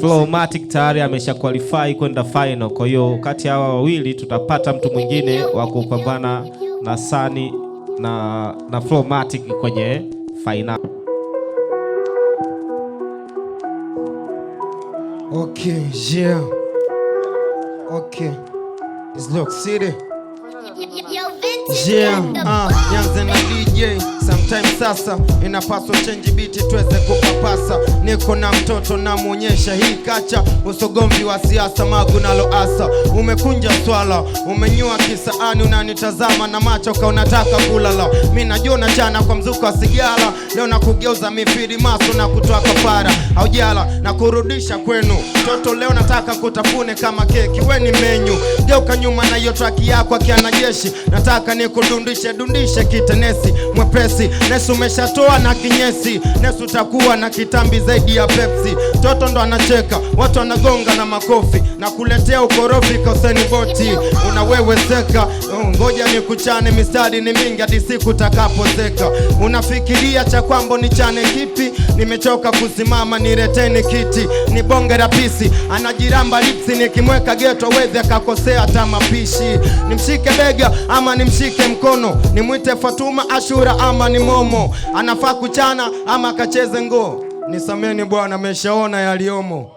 Flowmatic tayari amesha qualify kwenda final. Kwa hiyo kati ya hawa wawili tutapata mtu mwingine wa kupambana na Sani na, na Flowmatic kwenye final. Okay, yeah. Okay. It's look city. Yeah, uh, ah, Nyanze na DJ time sasa inapaswa change biti tuweze kupapasa. Niko na mtoto namwonyesha hii kacha, usogomvi wa siasa magu nalo asa. Umekunja swala umenyua kisaani, unanitazama na macho ka unataka kulala. Mi najua chana kwa mzuka wa sigara, leo nakugeuza mifiri maso na kutoa kafara au na kurudisha kwenu. Toto leo nataka kutafune kama keki, we ni menyu. Geuka nyuma na hiyo traki yako akiana jeshi, nataka nikudundishe dundishe kitenesi mwepesi Nesu umeshatoa na kinyesi, Nesu utakuwa na kitambi zaidi ya Pepsi. Toto ndo anacheka, watu wanagonga na makofi na kuletea ukorofi Kauseni Boti. Unaweweseka, oh, ngoja nikuchane, mistari ni mingi hadi siku utakaposeka. Unafikiria cha kwambo ni chane kipi? Nimechoka kusimama, nireteni kiti, ni bonge la pisi. Anajiramba lipsi, nikimweka geto wezi akakosea hata mapishi. Nimshike bega ama nimshike mkono, nimwite Fatuma Ashura ama ni ng'omo, anafaa kuchana ama akacheze ngoo. Nisameni bwana, ameshaona yaliomo.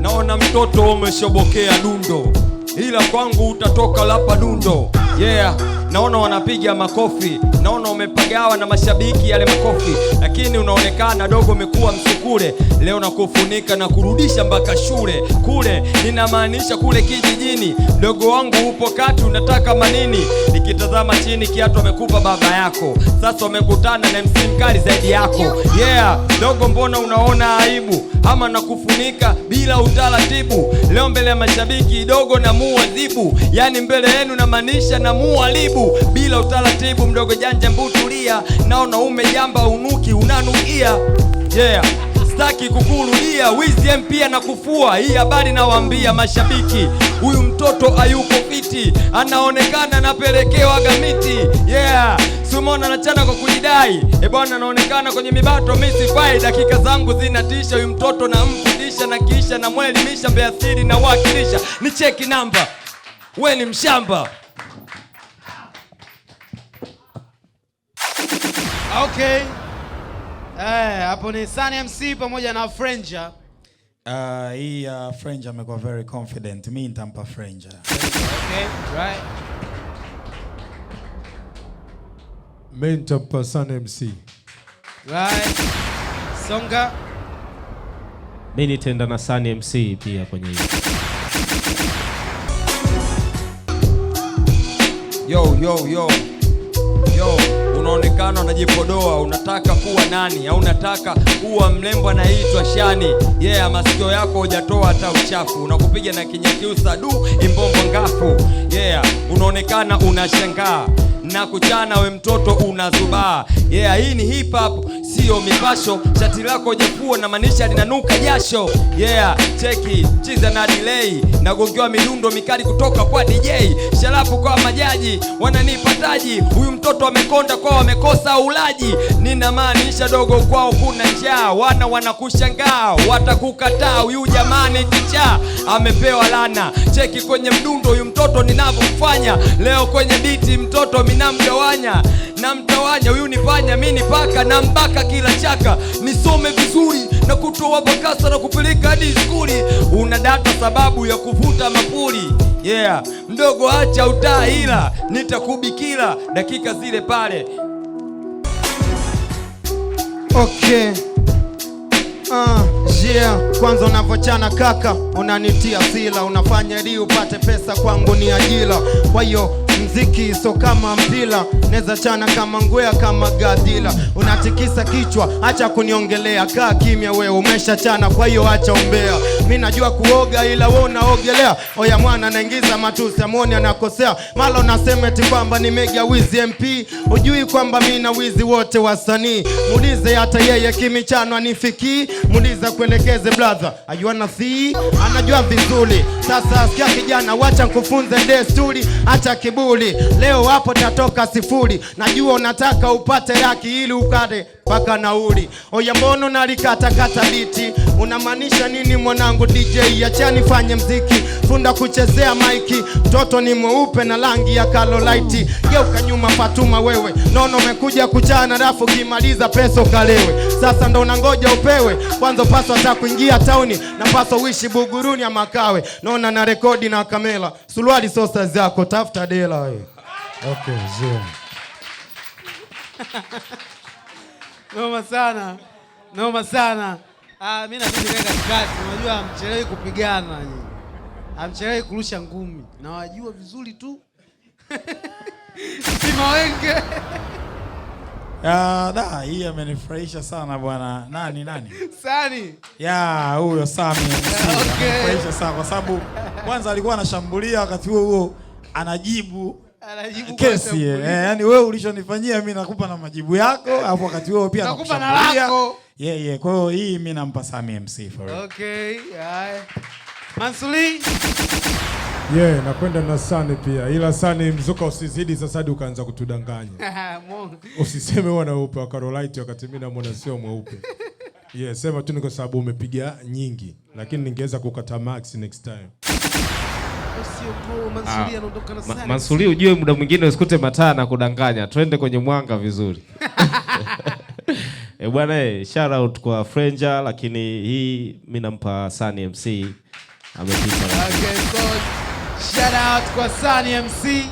Naona mtoto umeshobokea dundo, ila kwangu utatoka lapa dundo. Yeah, naona wanapiga makofi, naona umepa kugawa na mashabiki yale makofi, lakini unaonekana dogo, umekuwa msukule. Leo na kufunika na kurudisha mpaka shule kule, ninamaanisha kule kijijini. Mdogo wangu upo kati, unataka manini? Nikitazama chini, kiatu amekupa baba yako, sasa umekutana na MC mkali zaidi yako. Yeah dogo, mbona unaona aibu ama na kufunika bila utaratibu? Leo mbele ya mashabiki dogo na muadhibu, yani mbele yenu namaanisha na muharibu bila utaratibu, mdogo janja mbutu familia, naona naume jamba unuki unanukia yeah. Sitaki kukurudia wizi mpia na kufua hii habari, nawaambia mashabiki, huyu mtoto hayuko fiti, anaonekana anapelekewa gamiti yeah. Simona anachana kwa kujidai, e bwana, anaonekana kwenye mibato, mimi sifai, dakika zangu zinatisha, huyu mtoto namfundisha na kisha namwelimisha, mbeasiri nawakilisha, ni cheki namba, we ni mshamba. Okay. Eh, hapo ni Sun MC pamoja na Frenja. Uh, hii uh, ah, Frenja amekuwa very confident. Mimi nitampa Frenja. Okay, right. Mimi nitampa Sun MC. Right. Songa. Mimi nitenda na Sun MC pia kwenye hii. Yo, yo, yo unaonekana unajipodoa, unataka kuwa nani? Au unataka kuwa mlembo anaitwa Shani? Yeye yeah, masikio yako hujatoa hata uchafu, unakupiga na kinyakiusa du imbombo ngafu. Yeah, unaonekana unashangaa na kuchana, we mtoto unazubaa. Yeah, hii ni hip hop sio mipasho, shati lako jepua na maanisha linanuka jasho. Yeah, cheki chiza na delay, nagongewa midundo mikali kutoka kwa DJ, sharafu kwa majaji, wana nipataji Huyu mtoto amekonda kwa wamekosa ulaji, nina maanisha dogo kwao kuna njaa, wana wanakushangaa, watakukataa. Huyu jamani kichaa amepewa lana, cheki kwenye mdundo huyu mtoto ninavyofanya leo kwenye biti, mtoto minamgawanya na mtawanya, huyu ni panya, mi ni paka na mbaka kila chaka, nisome vizuri na kutoa bakasa na kupeleka hadi skuli. Una data sababu ya kuvuta mapuli yeah. Mdogo acha utaa, ila nitakubikila dakika zile pale. Okay. Uh, yeah. Kwanza unavochana kaka, unanitia sila, unafanya ili upate pesa kwangu ni ajira, kwa hiyo mziki so kama mpila, neza chana kama ngwea, kama gadila. Unatikisa kichwa, acha kuniongelea, kaa kimya, we umesha chana, kwa hiyo acha umbea. Mi najua kuoga, ila we unaogelea. Oya mwana, naingiza matusi, amwoni anakosea. Malo nasema eti kwamba ni mega wizi MP, ujui kwamba mi na wizi wote wasanii. Muulize hata yeye kimichano anifikii, muulize kuelekeze brother, ayuana si anajua vizuri. Sasa sikia kijana, wacha nkufunze desturi, acha kibu shughuli. Leo wapo tatoka sifuri, najua unataka upate laki ili ukate mpaka nauli. Oya, mbona unalikatakata biti? Unamaanisha nini mwanangu DJ? achani fanye mziki, funda kuchezea maiki. Mtoto ni mweupe na rangi ya kalolaiti. Geuka nyuma Fatuma wewe, nono umekuja kuchana rafu, kimaliza peso kalewe. Sasa ndo unangoja upewe? Kwanza paso hata kuingia tauni na paso wishi buguruni ya makawe. Nona na rekodi na kamela suruali sosa zako, tafuta dela wewe. Okay, Noma sana, noma sana. Ah, mimi na mimi katikati, unajua amchelewi kupigana nyinyi, Amchelewi kurusha ngumi, nawajua vizuri tu Simawenge. Ah, da, hii amenifurahisha sana bwana. Nani nani? Sani. Ya, huyo Sami. Okay. Amenifurahisha sana kwa sababu kwanza alikuwa anashambulia wakati huo huo anajibu kesi eh, yani wewe ulichonifanyia mimi nakupa na majibu yako, alafu wakati wewe pia nakupa na lako. Yeah, yeah. Kwa hiyo hii mimi nampa Sami MC for Okay, haya. Mansuri. Yeah, nakwenda na Sani pia ila Sani mzuka usizidi sasa hadi ukaanza kutudanganya. Usiseme wewe unaupe Carolite wakati mimi namuona sio mweupe. Yeah, sema tu ni kwa sababu umepiga nyingi, lakini ningeweza kukata max next time. Masuli, ah, ujue, muda mwingine usikute mataa na kudanganya, twende kwenye mwanga vizuri. E bwana, eh, shout out kwa Frenja, lakini hii mimi nampa Sunny MC Okay, so shout out kwa Sunny MC.